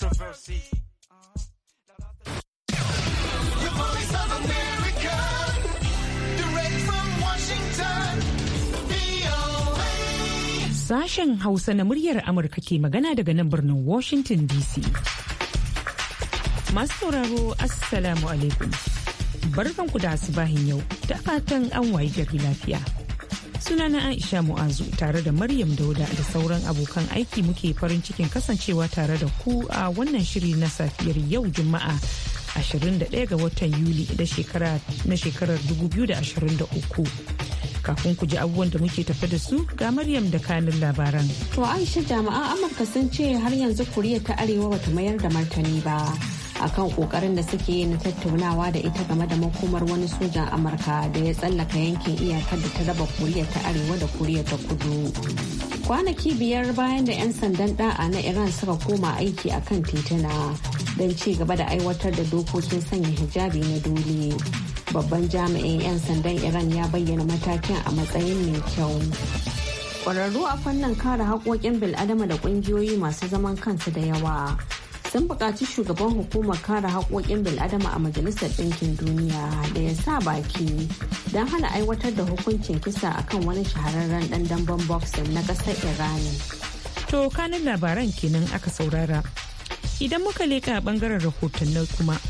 controversy. Sashen Hausa na muryar Amurka ke magana daga nan birnin Washington DC. Masu sauraro Assalamu alaikum. Barkanku da asibahin yau, da fatan an wayi gari lafiya. sunana aisha mu'azu tare da maryam dauda da sauran abokan aiki muke farin cikin kasancewa tare da ku a wannan shiri na safiyar yau juma'a 21 ga watan yuli na shekarar 2023 kafin ku ji abubuwan da muke tafi da su ga maryam da kanin labaran to aisha jami'an amurka sun ce har yanzu kuriya ta arewa bata mayar da martani ba akan kokarin da suke yi na tattaunawa da ita game da makomar wani sojan amurka da ya tsallaka yankin iyakar da ta raba koriya ta arewa da koriya ta kudu kwanaki biyar bayan da 'yan sandan da'a na iran suka koma aiki a kan titina don ci gaba da aiwatar da dokokin sanya hijabi na dole babban jami'in 'yan sandan iran ya bayyana matakin a matsayin mai kyau kwararru a fannin kare haƙoƙin bil'adama da ƙungiyoyi masu zaman kansu da yawa sun buƙaci shugaban hukumar kare haƙoƙin bil'adama a majalisar ɗinkin duniya da ya sa baki don hana aiwatar da hukuncin kisa akan wani shahararren ɗan damben boxing na ƙasar irani to kanin labaran kenan aka saurara idan muka leƙa ɓangaren rahotannin kuma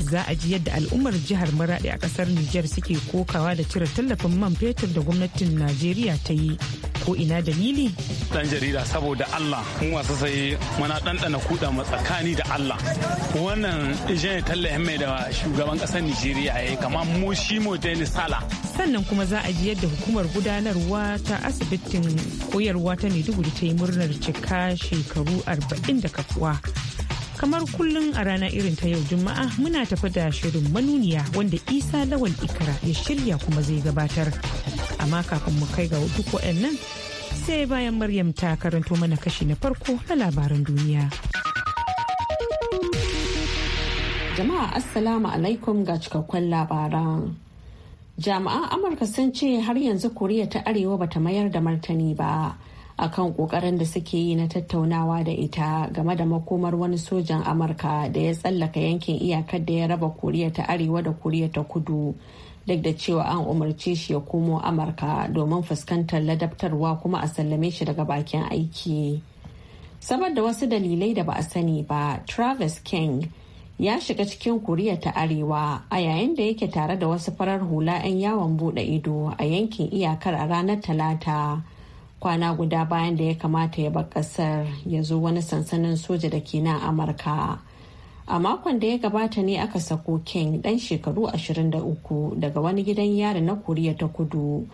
za a ji yadda al'ummar jihar Maraɗi a ƙasar Nijar suke kokawa da cire tallafin man fetur da gwamnatin Najeriya ta yi. Ko ina dalili? Dan jarida saboda Allah mu masu sai mana ɗanɗana kuɗa matsakani da Allah. Wannan ijiyar tallafin mai da shugaban ƙasar Nijeriya ya yi kama mu shi mu sala. Sannan kuma za a ji yadda hukumar gudanarwa ta asibitin koyarwa ta Maiduguri ta yi murnar cika shekaru arba'in da kafuwa. kamar kullum a rana irin ta yau juma'a muna tafi da shirin manuniya wanda isa lawal ikara ya shirya kuma zai gabatar amma kafin mu kai ga duk nan sai bayan maryam ta karanto mana kashi na farko na labaran duniya jama'a assalamu alaikum ga cikakkun labaran jami'an amurka sun ce har yanzu koriya ta arewa bata mayar da martani ba akan kokarin da suke yi na tattaunawa da ita game da makomar wani sojan amurka da ya tsallaka yankin iyakar da ya raba koriya ta arewa da koriya ta kudu duk da cewa an umarce shi ya komo amurka domin fuskantar ladabtarwa kuma a sallame shi daga bakin aiki saboda wasu dalilai da ba a sani ba travis king ya shiga cikin koriya ta arewa a yayin da yake tare da wasu farar hula 'yan yawon bude ido a yankin iyakar a ranar talata kwana guda bayan da ya kamata ya bar kasar ya zo wani sansanin soja da ke nan amurka a makon da ya gabata ne aka sako king dan shekaru 23 daga wani gidan yari na koriya ta kudu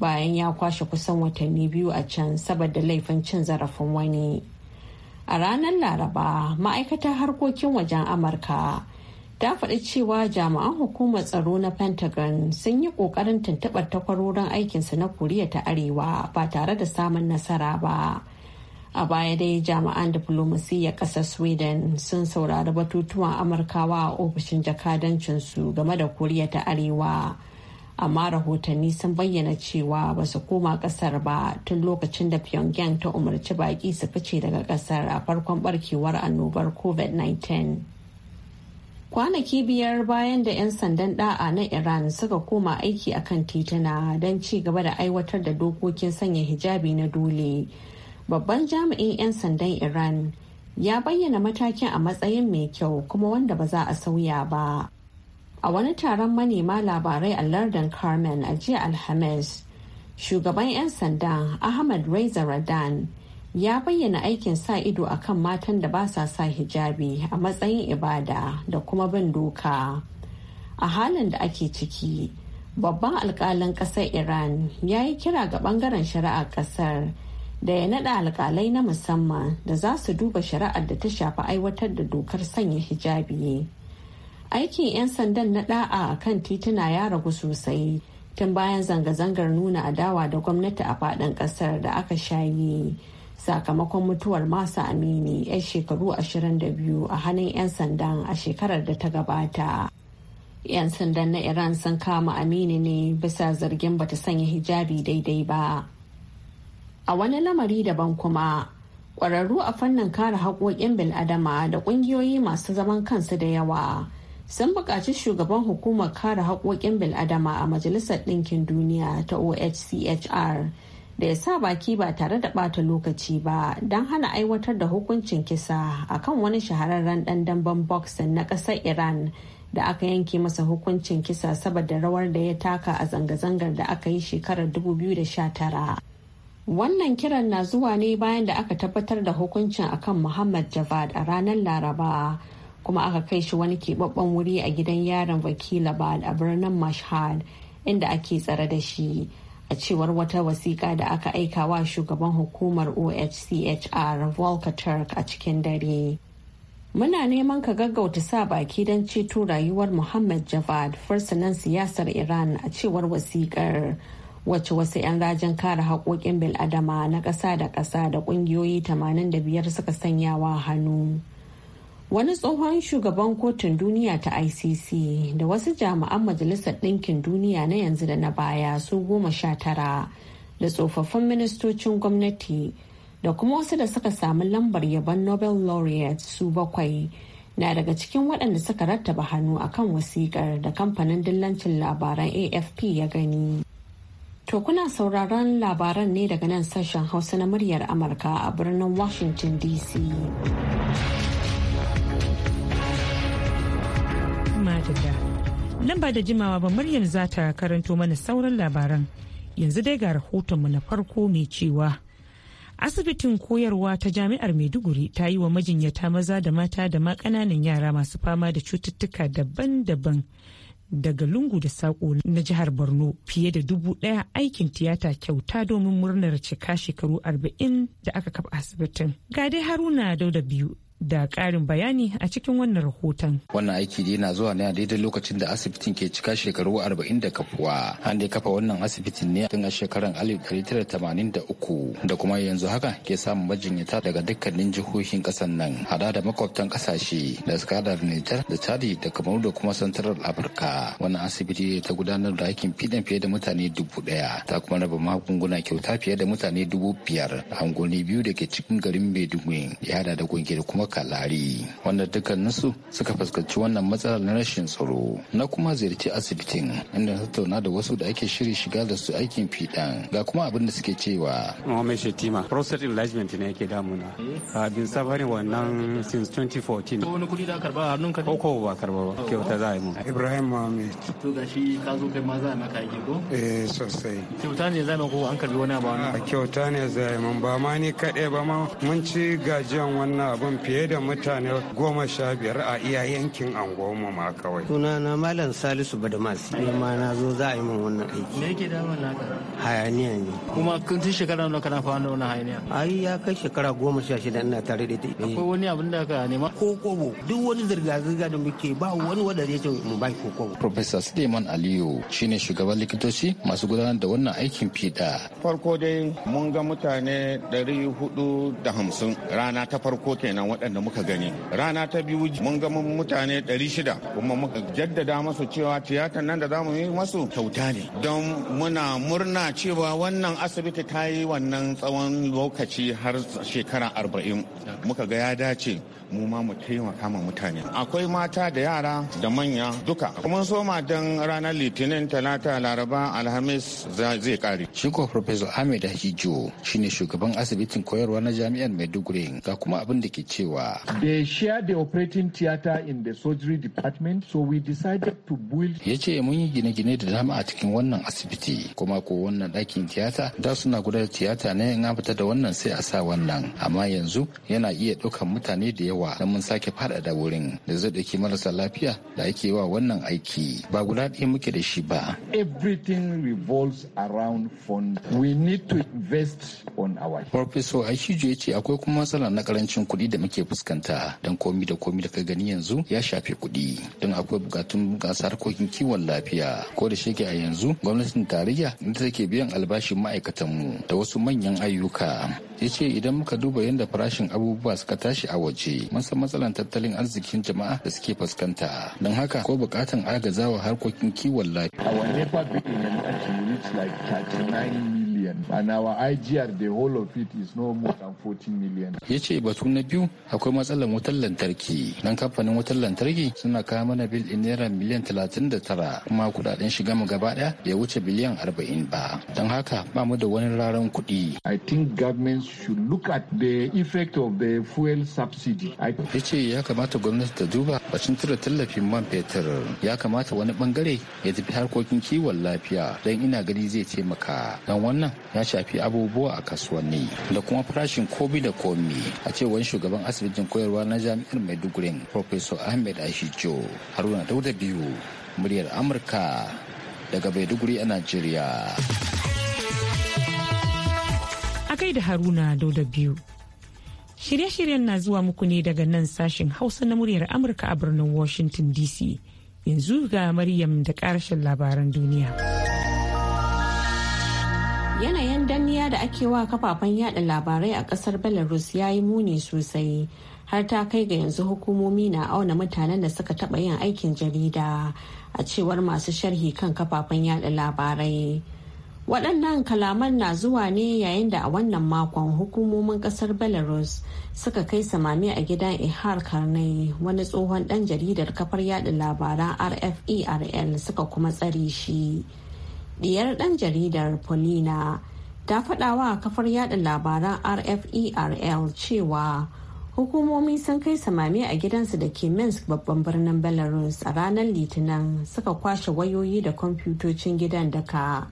bayan ya kwashe kusan watanni biyu a can saboda laifin cin zarafin wani a ranar laraba ma'aikatar harkokin wajen amurka ta faɗi cewa jami'an hukumar tsaro na pentagon sun yi ƙoƙarin tuntuɓar takwarorin aikinsu na koriya ta arewa ba tare da samun nasara ba a baya dai jami'an ya ƙasar sweden sun saurari batutuwan amurkawa a ofishin jakadancinsu game da koriya ta arewa amma rahotanni sun bayyana cewa ba su koma ƙasar ba tun lokacin da pyongyang ta umarci baƙi su fice daga ƙasar a farkon barkewar annobar covid-19 kwanaki biyar bayan da 'yan sandan da'a na iran suka koma aiki a kan tituna don ci gaba da aiwatar da dokokin sanya hijabi na dole babban jami'in 'yan sandan iran ya bayyana matakin a matsayin mai kyau kuma wanda ba za a sauya ba a wani taron manema labarai a lardin carmen a jiya alhamis shugaban 'yan sandan ahmad reza radan ya bayyana aikin sa ido a kan matan da ba sa sa hijabi a matsayin ibada da kuma bin doka a halin da ake ciki babban alkalin kasar iran ya yi kira ga bangaren shari'a kasar da ya nada alkalai na musamman da za su duba shari'ar da ta shafi aiwatar da dokar sanya hijabi aikin 'yan sandan na da'a a kan tituna ya ragu sosai tun bayan zanga-zangar nuna adawa da gwamnati a faɗin ƙasar da aka shayi sakamakon mutuwar masa amini 'yan shekaru 22 a hannun 'yan sandan a shekarar da ta gabata 'yan sandan na iran sun kama amini ne bisa zargin bata sanya hijabi daidai ba a wani lamari daban kuma kwararru a fannin kare haƙoƙin bil'adama da ƙungiyoyi masu zaman kansu da yawa sun buƙaci shugaban hukumar kare haƙoƙin bil'adama a majalisar ɗinkin duniya ta ohchr da ya sa baki ba tare da bata lokaci ba don hana aiwatar da hukuncin kisa akan wani shahararren ɗan damben boxing na ƙasar iran da aka yanke masa hukuncin kisa saboda rawar da ya taka a zanga-zangar da aka yi shekarar 2019 wannan kiran na zuwa ne bayan da aka tabbatar da hukuncin akan muhammad javad a ranar laraba kuma aka kai shi wani keɓaɓɓen wuri a gidan yaron wakila ba a birnin mashhad inda ake tsare da shi a cewar wata wasiƙa da aka aika wa shugaban hukumar OHCHR Volker Turk a cikin dare. Muna neman ka gaggauta sa baki don ceto rayuwar Muhammad Javad fursunan siyasar Iran a cewar wasikar wacce wasu 'yan rajin kare haƙoƙin bil'adama na ƙasa da ƙasa da ƙungiyoyi 85 suka sanya wa hannu. wani tsohon shugaban kotun duniya ta icc da wasu jami'an majalisar ɗinkin duniya na yanzu da na baya su goma sha tara da tsofaffin ministocin gwamnati da kuma wasu da suka samu lambar yabon nobel laureate su bakwai na daga cikin waɗanda suka rattaba hannu akan wasiƙar da kamfanin dillancin labaran afp ya gani to kuna sauraron labaran ne daga nan sashen hausa na muryar amurka a birnin washington dc Nan ba da jimawa ba Maryam za ta karanto mana sauran labaran. Yanzu dai ga rahotonmu na farko mai cewa. Asibitin koyarwa ta jami'ar Maiduguri ta yi wa majinyata maza da mata da ma ƙananan yara masu fama da cututtuka daban-daban daga lungu da saƙo na jihar Borno fiye da dubu ɗaya aikin tiyata kyauta domin murnar cika shekaru arba'in da aka kafa asibitin. Ga dai Haruna Dauda biyu da ƙarin bayani a cikin wannan rahoton. Wannan aiki dai na zuwa ne a daidai lokacin da asibitin ke cika shekaru 40 da kafuwa. An dai kafa wannan asibitin ne tun a shekarar 1983 da kuma yanzu haka ke samun majinyata daga dukkanin jihohin ƙasar nan hada da makwabtan ƙasashe da suka da Nijar da Chad da Kamaru da kuma Santarar Africa. Wannan asibiti ta gudanar da aikin fidan fiye da mutane dubu daya. ta kuma raba magunguna kyauta fiye da mutane dubu biyar a angoni biyu da ke cikin garin Maiduguri ya hada da gungiyar da kuma kalari wanda dukkaninsu suka fuskanci wannan matsalar na rashin tsaro na kuma ziyarci asibitin inda na tattauna da wasu da ake shirin shiga da su aikin fidan ga kuma abin da suke cewa. mai Shetima prostate enlargement ne yake damuna. A bin safarin wannan since 2014. Wani kudi da karba a hannun ka? Koko ba karba ba kyauta za a yi mu. Ibrahim Muhammad. To ga shi ka zo kai ma za a maka aiki ko? Eh sosai. Kyauta ne za mu ko an karbi wani abu. Kyauta ne za a yi mun ba ma ni kaɗai ba ma mun ci gajiyan wannan abin fiye fiye da mutane goma sha biyar a iya yankin angoma ma kawai. Sunana Malam Salisu Badamasi ne ma na zo za a yi min wannan aiki. Me yake damun naka? Hayaniya ne. Kuma kun tun shekara nawa kana fama da wannan hayaniya? Ai ya kai shekara goma sha shida ina tare da ita. Akwai wani abin da ka nema? Ko kobo duk wani zirga-zirga da muke ba wani wanda zai ce mu bai ko kobo. Professor Suleiman Aliyu shine shugaban likitoci masu gudanar da wannan aikin fiɗa. Farko dai mun ga mutane ɗari hudu da hamsin rana ta farko kenan waɗanda muka gani rana ta biyu mun ga mutane 600 kuma muka jaddada masu cewa tiyatar nan da za mu yi masu kyauta ne don muna murna cewa wannan asibiti ta yi wannan tsawon lokaci har shekara 40 muka ga ya dace mu ma mu taimaka ma mutane akwai mata da yara da manya duka kuma soma don ranar litinin talata laraba alhamis zai kare shi ko professor ahmed hakijo shine shugaban asibitin koyarwa na jami'ar maiduguri ga kuma abin da ke cewa cewa they share the operating theater in the surgery department so we decided to build ya ce mun yi gine-gine da dama a cikin wannan asibiti kuma ko wannan ɗakin tiyata da suna da tiyata ne in an fita da wannan sai a sa wannan amma yanzu yana iya ɗaukan mutane da yawa da mun sake faɗaɗa wurin da zai ɗauki marasa lafiya da ake wa wannan aiki ba guda ɗaya muke da shi ba everything revolves around funding. we need to invest on our professor Ashijo ya ce akwai kuma matsala na karancin kuɗi da muke ake fuskanta don komi da komi da ka gani yanzu ya shafi kuɗi don akwai bukatun gasa harkokin kiwon lafiya ko da shike a yanzu gwamnatin tarayya da take biyan albashin ma'aikatanmu da wasu manyan ayyuka ya ce idan muka duba yadda farashin abubuwa suka tashi a waje mun san matsalan tattalin arzikin jama'a da suke fuskanta don haka ko bukatan agazawa harkokin kiwon lafiya. million and our IGR the whole of it is no more than 14 million. Ya ce batu na biyu akwai matsalar wutar lantarki nan kamfanin wutar lantarki suna kawo mana bil in naira miliyan 39 kuma kuɗaɗen shiga mu gaba daya ya wuce biliyan 40 ba don haka ba mu da wani raran kuɗi. I think governments should look at the effect of the fuel subsidy. Ya ce ya kamata gwamnati ta duba bacin tura tallafin man fetur ya kamata wani bangare ya tafi harkokin kiwon lafiya don ina gani zai taimaka don wannan ya shafi abubuwa a kasuwanni da kuma farashin komi da komi a cewar shugaban asibitin koyarwa na jami'ar maiduguri professor ahmed ashijo haruna dauda biyu muryar amurka daga maiduguri a nigeria. a da haruna dauda biyu shirye-shiryen na zuwa muku ne daga nan sashen hausa na muryar amurka a birnin washington dc yanzu ga maryam da karshen labaran duniya. yanayin danniya da ake wa kafafen yada labarai a kasar belarus ya yi muni sosai har ta kai ga yanzu hukumomi na auna mutanen da suka taba yin aikin jarida a cewar masu sharhi kan kafafen yada labarai waɗannan kalaman na zuwa ne yayin da a wannan makon hukumomin ƙasar belarus suka kai samami a gidan ihar karnai wani tsohon ɗan jaridar kafar yada labaran rferl suka kuma tsare shi. ɗiyar ɗan jaridar polina ta faɗawa kafar yada labaran RFERL cewa hukumomi sun kai samame a gidansu da ke Minsk babban birnin Belarus a ranar Litinin suka kwashe wayoyi da kwamfutocin gidan daka.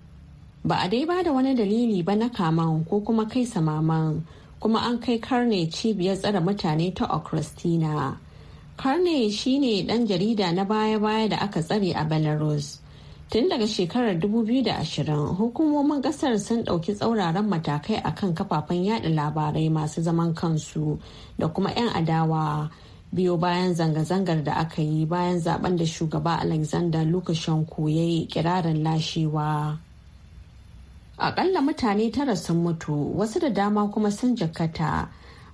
Ba a dai ba da wani dalili ba na kaman ko kuma kai samaman kuma an kai karne cibiyar tsare mutane ta Okristina. Karne shine ɗan jarida na baya-baya da aka tsare a Belarus. tun daga shekarar 2020 hukumomin kasar sun ɗauki tsauraran matakai a kan kafafen yada labarai masu zaman kansu da kuma 'yan adawa biyo bayan zanga-zangar da aka yi bayan zaben da shugaba alexander lukashenko ya yi kirarin lashewa aƙalla mutane tara sun mutu wasu da dama kuma sun jakata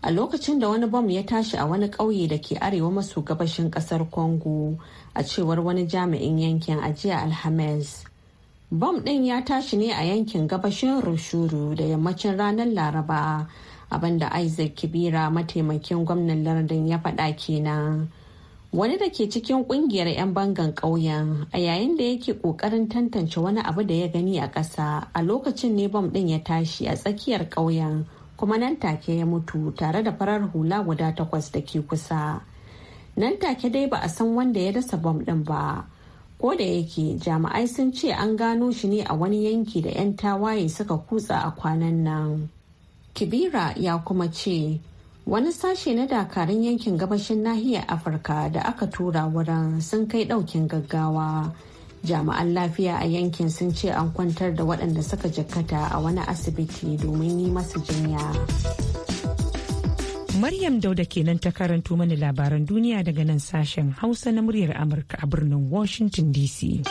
a lokacin da wani bom ya tashi a wani ƙauye da ke arewa maso gabashin ƙasar congo a cewar wani jami'in yankin ajiya alhamis bom ɗin ya tashi ne a yankin gabashin rushuru da yammacin ranar laraba abinda isaac kibira mataimakin gwamnan lardin ya faɗa kenan wani da ke cikin kungiyar 'yan bangan ƙauyen a yayin da yake ƙoƙarin tantance wani abu da ya gani a ƙasa a lokacin ne bom ɗin ya tashi a tsakiyar ƙauyen kuma nan take ya mutu tare da farar hula guda takwas da ke kusa nan take dai ba a san wanda ya dasa bom ɗin ba ko da yake jami'ai sun ce an gano shi ne a wani yanki da 'yan tawaye suka kutsa a kwanan nan kibira ya kuma ce wani sashe na dakarun yankin gabashin nahiyar afirka da aka tura wurin sun kai daukin gaggawa jami'an lafiya a yankin sun ce an kwantar da waɗanda suka jikkata a wani asibiti domin yi masa jinya maryam dauda kenan ta karanto mani labaran duniya daga nan sashen hausa na muryar amurka a birnin washington dc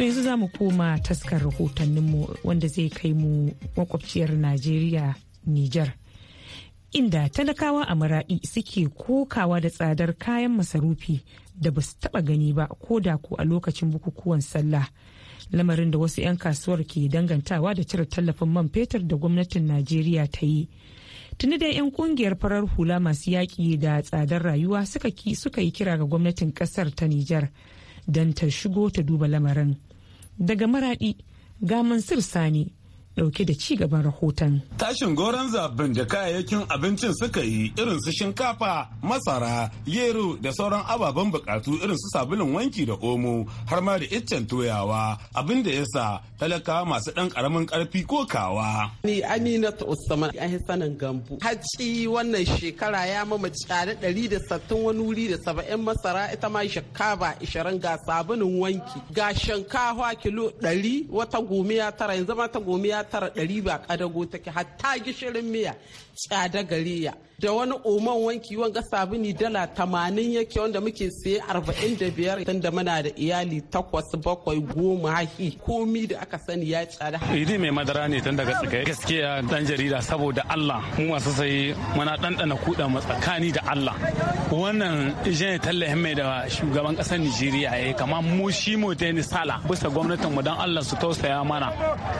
yanzu za mu koma taskar rahotanninmu wanda zai kai mu makwabciyar najeriya nijar inda talakawa a maraɗi suke kokawa da tsadar kayan masarufi da ba su taɓa gani ba ko da ko a lokacin bukukuwan sallah lamarin da wasu 'yan kasuwar ke dangantawa da cire tallafin man fetur da gwamnatin najeriya ta yi tuni dai 'yan kungiyar farar hula masu yaƙi da tsadar rayuwa suka ki suka yi kira ga gwamnatin ƙasar ta nijar don ta shigo ta duba lamarin daga maraɗi ga mansur sani dauke da ci gaban rahoton. Tashin goron zaben da kayayyakin abincin suka yi irin su shinkafa, masara, yero da sauran ababen bukatu irin su sabulun wanki da omo har ma da iccen toyawa abin da yasa talakawa masu dan karamin karfi ko kawa. Ni Aminat Usman an sanin gambu. Hacci wannan shekara ya mama tsare ɗari da sattin wani wuri da saba'in masara ita ma shinkafa ishirin ga sabulun wanki ga shinkafa kilo dari wata gomiya tara yanzu ma ta gomiya tara ɗari ba ƙadago take hatta gishirin miya tsada ya. da wani oman wanki wanga sabuni dala tamanin yake wanda muke siye arba'in da biyar tun da muna da iyali takwas bakwai goma haki komi da aka sani ya tsada. idi mai madara ne tun daga tsakai gaskiya dan jarida saboda allah mu masu sayi muna ɗanɗana kuɗa mu tsakani da allah wannan ijiyar tallafin mai da shugaban ƙasar nijeriya ya kama mu shi mu ta sala bisa gwamnatin mu dan allah su tausaya mana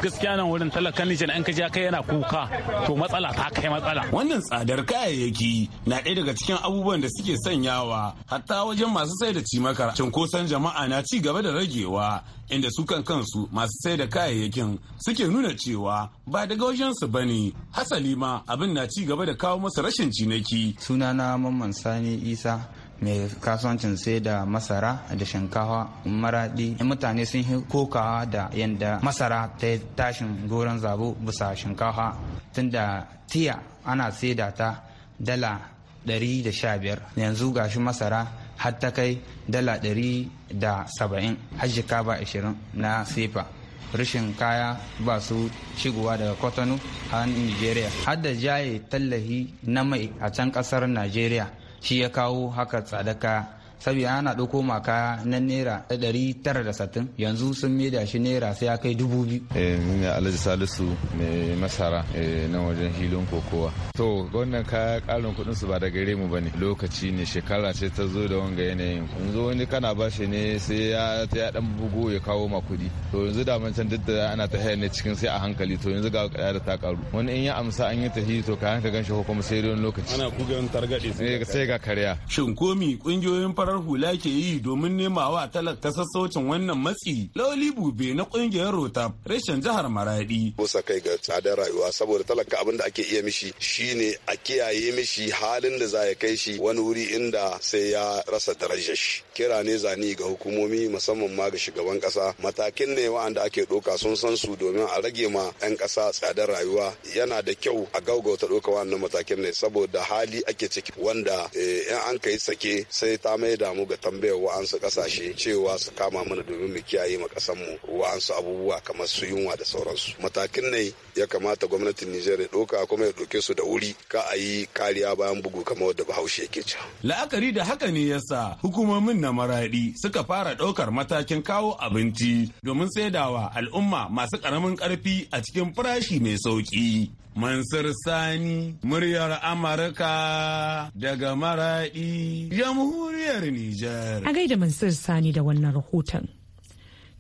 gaskiya nan wurin talakan nijar an kaji kai yana kuka to matsala ta kai matsala wannan tsadar kai kayayyaki na ɗaya daga cikin abubuwan da suke sanyawa hatta wajen masu sai da cimakar cunkoson jama'a na ci gaba da ragewa inda su kan kansu masu sai da kayayyakin suke nuna cewa ba daga wajensu ba ne hasali ma abin na ci gaba da kawo masa rashin suna sunana mamman sani isa mai kasuwancin sai da masara da shinkafa maradi mutane sun yi kokawa da yadda masara ta tashin goron zabo bisa shinkafa tunda tiya ana saida ta dala da 115 yanzu gashi masara har ta kai dala 170 har jika ashirin 20 na sefa rashin kaya ba su shigowa daga kotonu a nigeria har da jaye tallahi na mai a can kasar nigeria shi ya kawo haka tsadaka sabiya ana ɗauko maka na naira ɗari tara da satin yanzu sun maida shi naira sai ya kai dubu biyu. Eh, ni ne alhaji salisu mai masara eh, na wajen hilin kokowa. to wannan kaya ƙarin kuɗin su ba daga remu mu ba ne lokaci ne shekara ce ta zo da wanga yanayin yanzu wani kana ba shi ne sai ya ta ya ɗan bugo ya kawo ma kuɗi to yanzu da can duk da ana ta hayar ne cikin sai a hankali to yanzu ga ƙaya da ta ƙaru. wani in ya amsa an yi tahi to kayan ka gan shi ko kuma sai don lokaci. ana kugan targaɗe sai ga eh, karya. shin komi ƙungiyoyin farar hula ke yi domin nema wa ta sassaucin wannan matsi lauli bube na kungiyar rotap reshen jihar maradi musa kai ga tsadar rayuwa saboda talaka abin da ake iya mishi shine a kiyaye mishi halin da za ya kai shi wani wuri inda sai ya rasa darajar shi kira ne zani ga hukumomi musamman ma ga shugaban kasa matakin ne wa'anda ake doka sun san su domin a rage ma 'yan kasa tsadar rayuwa yana da kyau a gaugauta doka wa'annan matakin ne saboda hali ake ciki wanda eh, in an kai sake sai ta mai maida mu ga tambayar wa'ansu kasashe cewa su kama mana domin mu kiyaye ma kasan mu wa'ansu abubuwa kamar su yunwa da sauransu matakin ne ya kamata gwamnatin Nijar ya ɗauka kuma ya ɗauke su da wuri ka a yi kariya bayan bugu kamar wadda Bahaushe ke ci. la'akari da haka ne yasa hukumomin na maraɗi suka fara ɗaukar matakin kawo abinci domin saidawa al'umma masu ƙaramin ƙarfi a cikin farashi mai sauƙi Mansur Sani, muryar Amurka daga Maraɗi, jamhuriyar Nijar. A gaida Mansur Sani da wannan rahoton.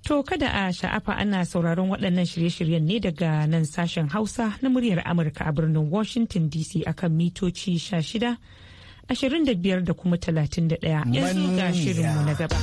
To kada a sha'afa ana sauraron waɗannan shirye-shiryen ne daga nan sashen Hausa na muryar Amurka a birnin Washington DC akan mitoci 16, 25 da kuma 31. Yanzu ga shirinmu na gaba.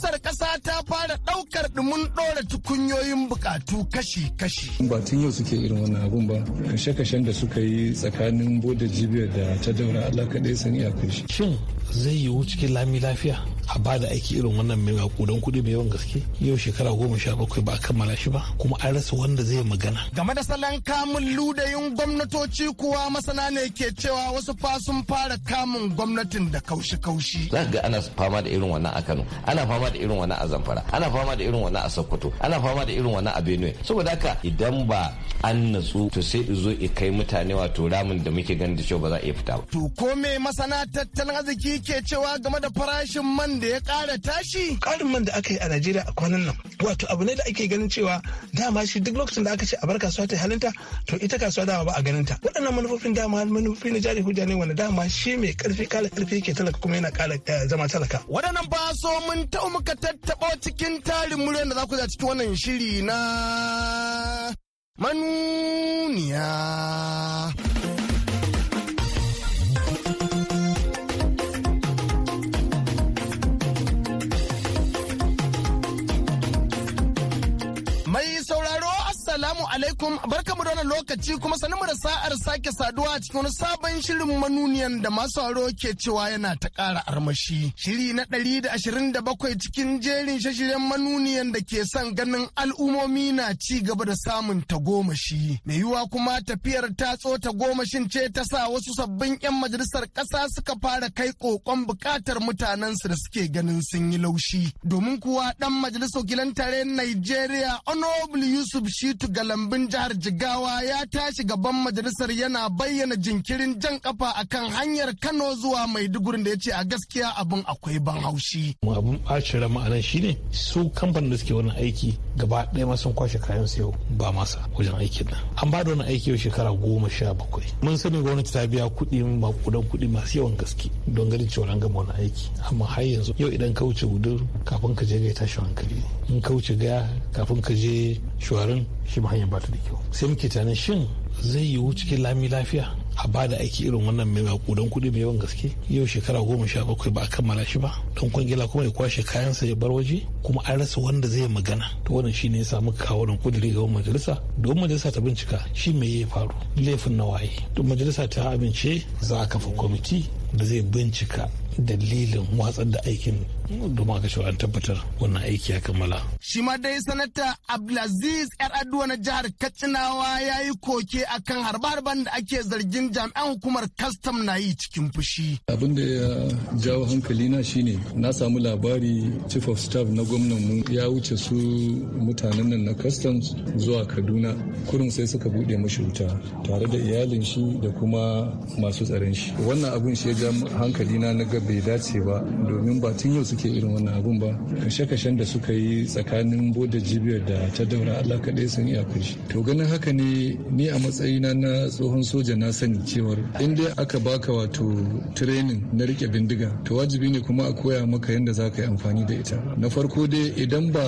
majalisar ƙasa ta fara ɗaukar ɗumin ɗora tukunyoyin bukatu kashi-kashi. Ba tun yau suke irin wannan abun ba, kashe-kashen da suka yi tsakanin boda jibiyar da ta daura Allah kaɗai sani a kai Shin zai yiwu cikin lami lafiya? a ba da aiki irin wannan mai makudan kudi mai yawan gaske yau shekara goma sha bakwai ba a kammala shi ba kuma an rasa wanda zai magana. game da salon kamun ludayin gwamnatoci kuwa masana ne ke cewa wasu fa sun fara kamun gwamnatin da kaushi-kaushi. za ga ana fama da irin wannan a kano ana fama da irin wannan a zamfara ana fama da irin wannan a sokoto ana fama da irin wannan a benue saboda haka idan ba an natsu to sai zo i kai mutane wato ramin da muke ganin da cewa ba za a iya fita ba. to ko me masana tattalin arziki ke cewa game da farashin man da ya kara tashi karin man da aka yi a Najeriya a kwanan nan wato abu ne da ake ganin cewa dama shi duk lokacin da aka ce a bar kasuwa ta halinta to ita kasuwa dama ba a ganin ta waɗannan manufofin dama manufofi na jari hujja ne wanda dama shi mai karfi kala karfi ke talaka kuma yana kala eh, zama talaka waɗannan ba so mun ta muka tattaɓo cikin tarin murya da za ku za cikin wannan shiri na manuniya. mu da wannan lokaci kuma sanin mu da sa'ar sake saduwa cikin wani sabon shirin manuniyan da masu sauraro ke cewa yana ta ƙara armashi. Shiri na ɗari da ashirin da bakwai cikin jerin shashiren manuniyan da ke son ganin al'ummomi na ci gaba da samun tagomashi. Mai yiwuwa kuma tafiyar tatso tagomashin ce ta sa wasu sabbin 'yan majalisar ƙasa suka fara kai ƙoƙon buƙatar mutanensu da suke ganin sun yi laushi. Domin kuwa ɗan majalisar wakilan tare Najeriya Honorable Yusuf Shitu Galambin jihar jihar Jigawa ya tashi gaban majalisar yana bayyana jinkirin jan kafa akan hanyar Kano zuwa Maiduguri da ya ce a gaskiya abin akwai ban haushi. Abin ɓacin rama anan shine su kamfanin da suke wani aiki gaba ɗaya ma sun kwashe kayan sayo ba masa wajen aikin nan. An ba da wani aiki yau shekara goma sha bakwai. Mun sani gwamnati ta biya kuɗi makudan kuɗi masu yawan gaske don ganin cewa an gama wani aiki. Amma har yanzu yau idan ka wuce gudun kafin ka je ga tashi hankali. In ka wuce gaya kafin ka je shuwarin shi ma hanyar ba ta da kyau. sai muke tunanin shin zai yiwu cikin lami lafiya a ba da aiki irin wannan mai makudan kuɗi mai yawan gaske yau shekara goma sha bakwai ba a kammala shi ba don kwangila kuma ya kwashe kayansa ya bar waje kuma an rasa wanda zai magana to wannan shine ya samu kawo nan kudiri ga majalisa don majalisa ta bincika shi me ya faru laifin na waye don majalisa ta amince za a kafa kwamiti da zai bincika dalilin watsar da aikin domin aka shiga an tabbatar wannan aiki ya kammala. Shi ma dai sanata Abdulaziz yar aduwa na jihar Katsinawa ya yi koke akan harbar-harban da ake zargin jami'an hukumar kastam na yi cikin fushi. Abin da ya jawo hankali na shine na samu labari chief of staff na gwamnan mu ya wuce su mutanen nan na customs zuwa Kaduna kurum sai suka bude mashi wuta tare da iyalin shi da kuma masu tsaron shi. Wannan abin shi ya ja hankali na na ga bai dace ba domin ba tun yau suke irin wannan abun ba kashe-kashen da suka yi tsakanin boda jibiyar da ta daura allah kaɗai sun iya kunshi to ganin haka ne ni a matsayina na tsohon soja na sani cewar in dai aka baka wato training na rike bindiga to wajibi ne kuma a koya maka yadda za ka yi amfani da ita na farko dai idan ba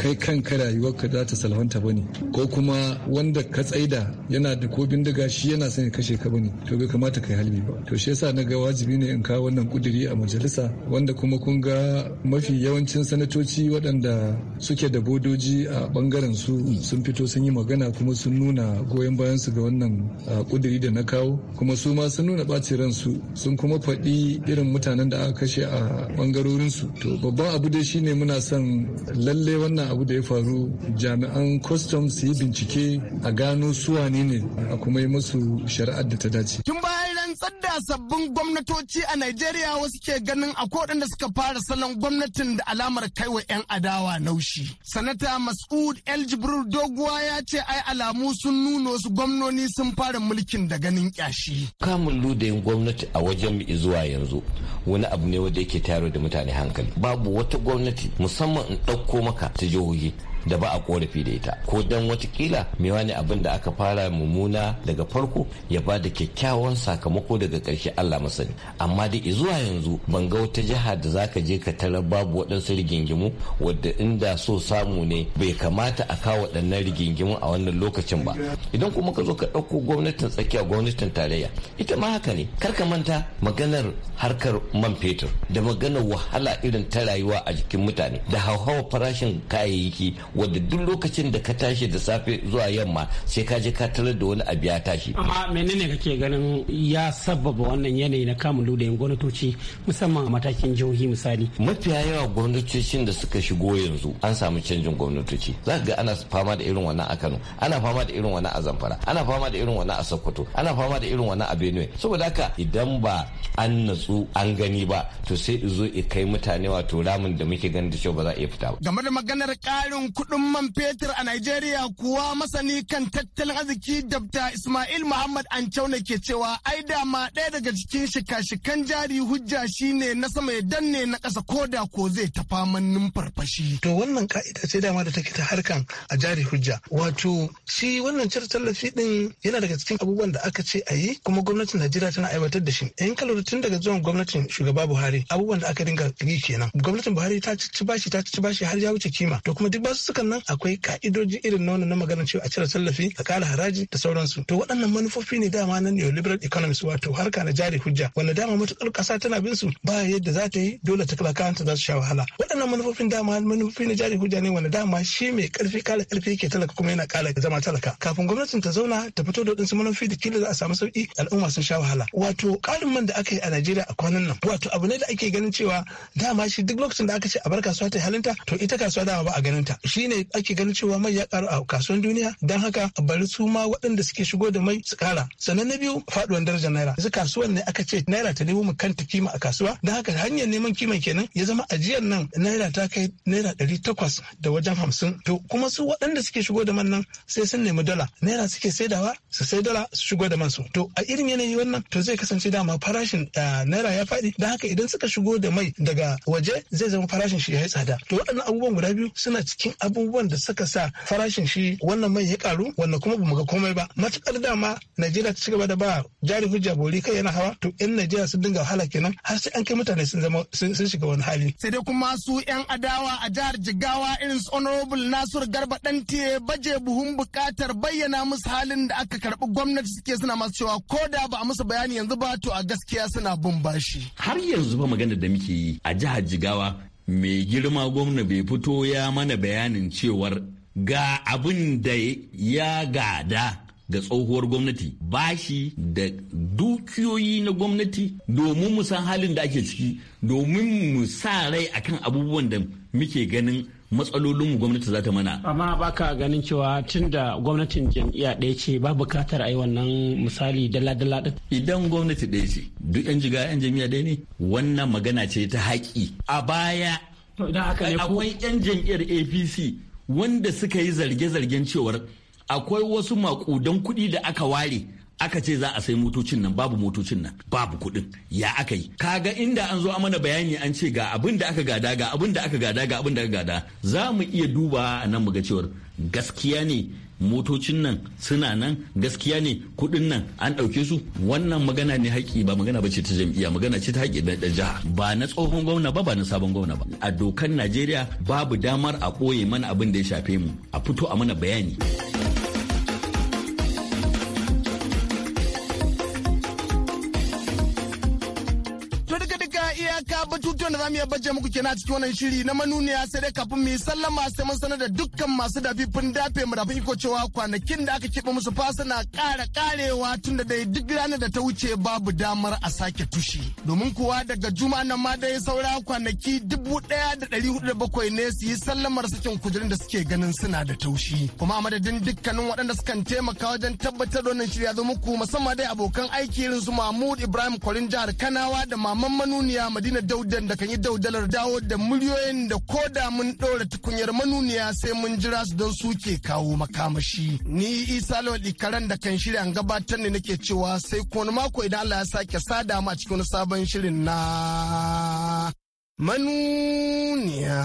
kai rayuwar ka za ta salwanta ba ne ko kuma wanda ka tsaida yana da ko bindiga shi yana son ya kashe ka ba ne to bai kamata ka yi halbi ba to shi yasa na ga wajibi ne in kawo wannan kuduri a majalisa wanda kuma kun ga mafi yawancin sanatoci waɗanda suke da bodoji a ɓangaren su sun fito sun yi magana kuma sun nuna goyon bayan su ga wannan kuduri da na kawo kuma su ma sun nuna ɓaci ransu sun kuma faɗi irin mutanen da aka kashe a ɓangarorin su to babban abu dai shine muna son lalle wannan abu da ya faru jami'an kwastam su yi bincike a gano su wane ne a kuma yi musu shari'ar da ta dace. rantsar da sabbin gwamnatoci a Najeriya wasu ke ganin a waɗanda suka fara salon gwamnatin da alamar kaiwa 'yan adawa naushi. Sanata Mas'ud El Jibril Doguwa ya ce ai alamu sun nuna wasu gwamnoni sun fara mulkin da ganin kyashi. Kamun ludayin gwamnati a wajen zuwa yanzu wani abu ne wanda yake tayar da mutane hankali. Babu wata gwamnati musamman in ɗauko maka ta jihohi da ba a korafi da ita ko dan watakila me wani abin da aka fara mummuna daga farko ya ba da kyakkyawan sakamako daga ƙarshe Allah masani amma da zuwa yanzu ban ga wata jiha da zaka je ka tarar babu waɗansu rigingimu wadda inda so samu ne bai kamata a kawo waɗannan rigingimu a wannan lokacin ba idan kuma ka zo ka ɗauko gwamnatin tsakiya gwamnatin tarayya ita ma haka ne kar ka manta maganar harkar man fetur da maganar wahala irin ta rayuwa a jikin mutane da hauhawar farashin kayayyaki wanda duk lokacin da ka tashi da safe zuwa yamma sai ka je ka tarar da wani abu ya tashi amma menene kake ganin ya sabbaba wannan yanayi na kamun ludayin gwamnatoci musamman a matakin jihohi misali mafiya yawa gwamnatocin da suka shigo yanzu an samu canjin gwamnatoci za ga ana fama da irin wannan a Kano ana fama da irin wannan a Zamfara ana fama da irin wannan a Sokoto ana fama da irin wannan a Benue saboda haka idan ba an natsu an gani ba to sai izo i kai mutane wato ramin da muke ganin da cewa ba za a iya fita ba game da maganar karin kuɗin man fetur a Najeriya kuwa masani kan tattalin arziki Dr. Ismail Muhammad Ancauna ke cewa ai da ma ɗaya daga cikin shika-shikan jari hujja shine na sama ya danne na ƙasa da ko zai ta faman numfarfashi. To wannan ka'ida ce dama da take ta harkan a jari hujja. Wato shi wannan cire tallafi din yana daga cikin abubuwan da aka ce a yi kuma gwamnatin Najeriya tana aiwatar da shi. Yan kalori tun daga zuwan gwamnatin shugaba Buhari abubuwan da aka dinga yi kenan. Gwamnatin Buhari ta ci bashi ta ci bashi har ya wuce kima. To kuma duk basu sukan nan akwai ka'idoji irin na na magana cewa a cire tallafi a kara haraji da sauransu to waɗannan manufofi ne dama na neoliberal economics wato harka na jari hujja wanda dama matuƙar ƙasa tana bin su ba yadda za ta yi dole ta kanta za su sha wahala waɗannan manufofin dama manufofi na jari hujja ne wanda dama shi mai ƙarfi kala ƙarfi yake talaka kuma yana kala zama talaka kafin gwamnatin ta zauna ta fito da waɗansu manufofi da kila za a samu sauƙi al'umma sun sha wahala wato ƙarin man da aka yi a Najeriya a kwanan nan wato abu ne da ake ganin cewa dama shi duk lokacin da aka ce a bar kasuwa ta halinta to ita kasuwa dama ba a ganin ta shi shine ake ganin cewa mai ya ƙara a kasuwan duniya don haka bari su ma waɗanda suke shigo da mai su ƙara sannan na biyu faɗuwar daraja naira yanzu kasuwan ne aka ce naira ta nemo mu kanta kima a kasuwa don haka hanyar neman kima kenan ya zama ajiyar nan naira ta kai naira ɗari takwas da wajen hamsin to kuma su waɗanda suke shigo da man nan sai sun nemi dala naira suke saidawa su sai dala su shigo da man su to a irin yanayi wannan to zai kasance dama farashin eh, naira ya faɗi don haka idan suka shigo da mai daga waje zai zama farashin shi ya yi tsada to waɗannan abubuwan guda biyu suna cikin abubuwan da suka sa farashin shi wannan mai ya karu wanda kuma bamu ga komai ba matukar dama najeriya ta cigaba da ba jari hujja bori kai yana hawa to in najeriya sun dinga wahala kenan har sai an kai mutane sun zama sun shiga wani hali sai dai kuma su yan adawa a jihar jigawa irin su honorable nasur garba tiye baje buhun bukatar bayyana musu halin da aka karbi gwamnati suke suna masu cewa ko da ba a musu bayani yanzu ba to a gaskiya suna bin bashi har yanzu ba magana da muke yi a jihar jigawa mai girma gwamna bai fito ya mana bayanin cewar ga abin da ya gada ga tsohuwar gwamnati bashi da dukiyoyi na gwamnati domin mu san halin da ake ciki domin mu sa rai akan abubuwan da muke ganin matsalolinmu gwamnati za ta mana. Amma baka ganin cewa tun da gwamnatin jam'iyya ɗaya ce ba bukatar a yi wannan misali dala-dala ɗin. Idan gwamnati ɗaya ce duk 'yan jiga 'yan jam'iyya ɗaya ne wannan magana ce ta haƙi. A baya akwai 'yan jam'iyyar APC wanda suka yi zarge-zargen cewar akwai wasu maƙudan kuɗi da aka ware. aka ce za a sai motocin nan babu motocin nan babu kuɗin ya aka yi kaga inda an zo a mana bayani an ce ga abin da aka gada ga abin da aka gada ga abin da aka gada za mu iya duba a nan mu ga cewar gaskiya ne motocin nan suna nan gaskiya ne kuɗin nan an ɗauke su wannan magana ne haƙƙi ba magana bace ta jam'iyya magana ce ta haƙƙi da jiha ba na tsohon gwamna ba ba na sabon gwamna ba a dokan najeriya babu damar a ɓoye mana abin da ya shafe mu a fito a mana bayani. wannan da za mu iya bajje muku kenan a cikin wannan shiri na manuniya sai dai kafin mu yi sallama sai mun sanar da dukkan masu dafifin dafe mu dafin iko cewa kwanakin da aka kiɓa musu fasa na ƙara ƙarewa tun da dai duk ranar da ta wuce babu damar a sake tushi. Domin kuwa daga juma'a nan ma dai saura kwanaki dubu ɗaya da ɗari hudu da bakwai ne su yi sallamar sakin kujerun da suke ganin suna da taushi. Kuma a madadin dukkanin waɗanda sukan taimaka wajen tabbatar da wannan ya zo muku musamman dai abokan aiki irin su Mahmud Ibrahim Kwarin jihar Kanawa da Maman Manuniya Madina Daudan da kan yi daudalar dawo da miliyoyin da ko da mun ɗora tukunyar manuniya sai mun jira su don suke kawo makamashi. Ni Isa Lawal Karan da kan shirya gabatar ne nake cewa sai wani mako idan Allah ya sake sada ma cikin wani sabon shirin na manuniya.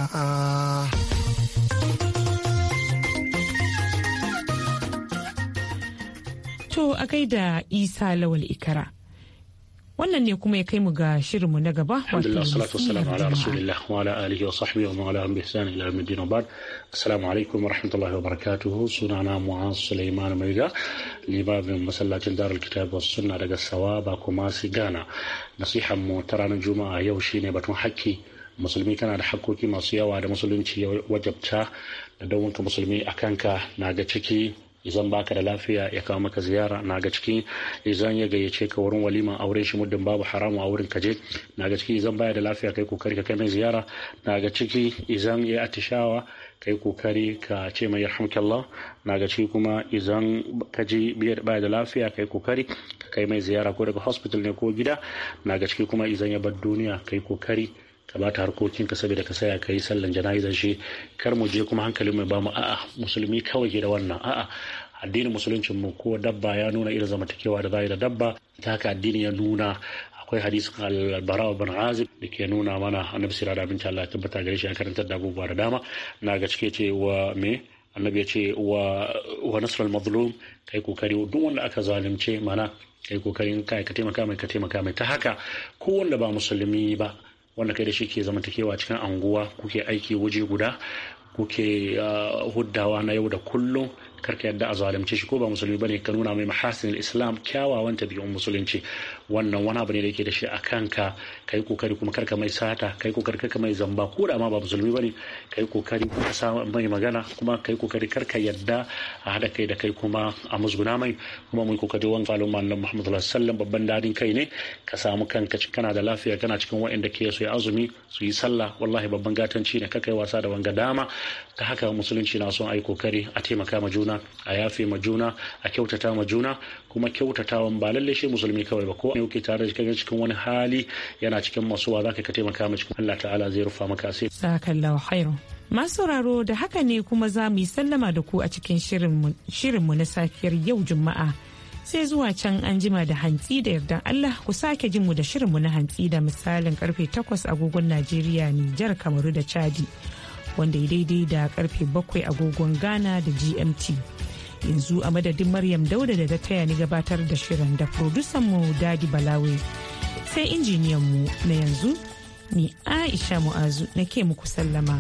To a da Isa Lawal Ikara. wannan ne kuma ya kai mu ga shirinmu na gaba alhamdulillah salatu wassalamu wa ala alihi wa assalamu alaikum wa rahmatullahi wa barakatuh sunana mu'az sulaiman maiga limamin masallacin darul kitab was sunna daga sawaba kuma sigana nasihar mu ta ranar juma'a yau shine batun hakki musulmi tana da hakkoki masu yawa da musulunci wajabta da don musulmi akanka na ga ciki zan baka da lafiya ya kawo maka ziyara na ga ciki izan ya gayyace ka wurin walima aure shi muddin babu haramu a wurin kaje na ga ciki izan baya da lafiya kai kokari ka kai mai ziyara na ga ciki izan ya atishawa kai kokari ka ce mai yarhamkallah na ga ciki kuma izan ka ji baya da lafiya kai kokari ka kai mai ziyara ko daga hospital ne ko gida na ga ciki kuma izan ya bar duniya kai kokari ka bata harkokin ka saboda ka saya ka yi sallan jana'izar shi kar mu je kuma hankalin mai mu a'a musulmi kawai ke da wannan a'a addinin musuluncin mu ko dabba ya nuna irin zamantakewa da zai da dabba ta haka addini ya nuna akwai hadisin al-bara bin azib da ke nuna mana annabi sirada bin Allah tabbata gare shi a karanta da abubuwa da dama na ga cike ce wa me annabi ya ce wa wa nasrul mazlum kai kokari duk wanda aka zalunce mana kai kokarin kai ka taimaka mai ka taimaka mai ta haka ko wanda ba musulmi ba wanda kai da shi ke zamantakewa cikin anguwa kuke aiki waje guda kuke ah, hudawa na yau da kullum karka yadda a zalunce shi ko ba musulmi bane ka nuna mai mahasin islam kyawawan tabi'un musulunci wannan wani abu ne da yake da shi a kanka kai kokari kuma karka mai sata kai kokari karka mai zamba ko da ma ba musulmi bane kai kokari ka sa mai magana kuma kai kokari karka yadda a hada kai da kai kuma a musguna mai kuma mun kokari wani falon mallam muhammadu sallallahu babban dadin kai ne ka samu kanka kana da lafiya kana cikin wa'anda ke su yi azumi su yi sallah wallahi babban gatanci ne ka kai wasa da wanga dama ta haka musulunci na son ai kokari a taimaka ma juna juna a yafe ma juna a kyautata ma juna kuma kyautatawan ba lalle shi musulmi kawai ba ko ne yake tare da cikin wani hali yana cikin masuwa zaka ka taimaka ma cikin Allah ta'ala zai rufa maka sai sakallahu khairu masu sauraro da haka ne kuma za mu yi sallama da ku a cikin shirin mu na safiyar yau juma'a sai zuwa can an jima da hantsi da yardan Allah ku sake jin mu da shirin mu na hantsi da misalin karfe 8 agogon Najeriya Nijar Kamaru da Chadi. wanda ya daidai da karfe bakwai agogon ghana da gmt yanzu a madadin maryam dauda da ta taya ni gabatar da shirin da mu dadi balawe sai injiniyan mu na yanzu ni aisha mu'azu nake muku sallama